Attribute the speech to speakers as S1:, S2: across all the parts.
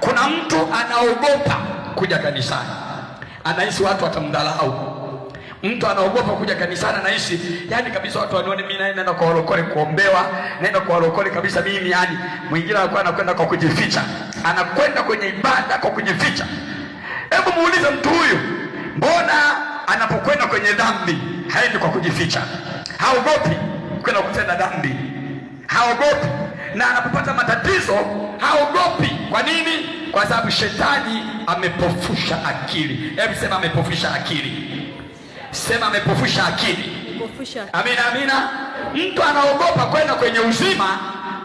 S1: Kuna mtu anaogopa kuja kanisani, anahisi watu watamdhalau. Mtu anaogopa kuja kanisani, anahisi yani kabisa watu wanione mimi, naenda kwa walokole kuombewa, naenda kwa walokole kabisa mimi. Yani mwingine anakuwa anakwenda kwa kujificha, anakwenda kwenye ibada kwa kujificha. Hebu muulize mtu huyu, mbona anapokwenda kwenye dhambi haendi kwa kujificha? Haogopi kwenda kutenda dhambi, haogopi na anapopata matatizo haogopi kwa nini? Kwa sababu shetani amepofusha akili. Hebu sema amepofusha akili, sema amepofusha akili. Amina, amina. Mtu anaogopa kwenda kwenye uzima,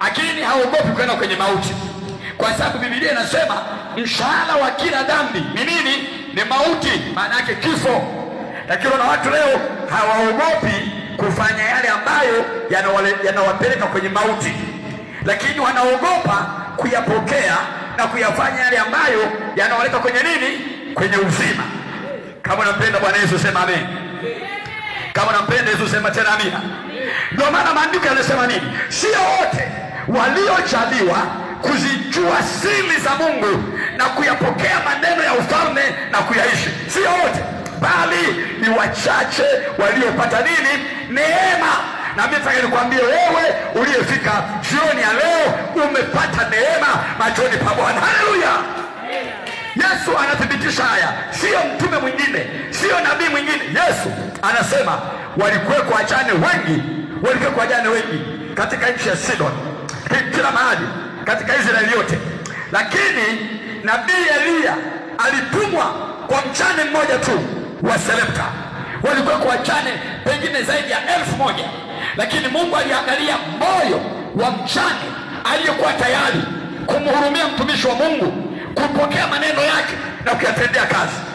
S1: lakini haogopi kwenda kwenye mauti, kwa sababu Biblia inasema mshahara wa kila dhambi ni nini? Ni mauti, maana yake kifo. Lakini na watu leo hawaogopi kufanya yale ambayo yanawapeleka kwenye mauti, lakini wanaogopa kuyapokea na kuyafanya yale ambayo yanawaleta kwenye nini? Kwenye uzima. Kama unampenda Bwana Yesu sema amen. Kama unampenda Yesu sema tena amina. Ndio maana maandiko yanasema nini? Sio wote waliojaliwa kuzijua siri za Mungu na kuyapokea maneno ya ufalme na kuyaishi, sio wote, bali ni wachache waliopata nini? Neema. Na mimi nataka nikwambie wewe uliye kupata neema machoni pa Bwana. Haleluya! Yesu anathibitisha haya, siyo mtume mwingine, siyo nabii mwingine. Yesu anasema walikuweko wajane wengi, walikuweko wajane wengi katika nchi ya Sidoni, kila mahali katika Israeli yote, lakini nabii Eliya alitumwa kwa mchane mmoja tu wa Walikuwa kwa wajane pengine zaidi ya elfu moja, lakini Mungu aliangalia moyo wa mchane aliyekuwa tayari kumhurumia mtumishi wa Mungu, kupokea maneno yake na kuyatendea kazi.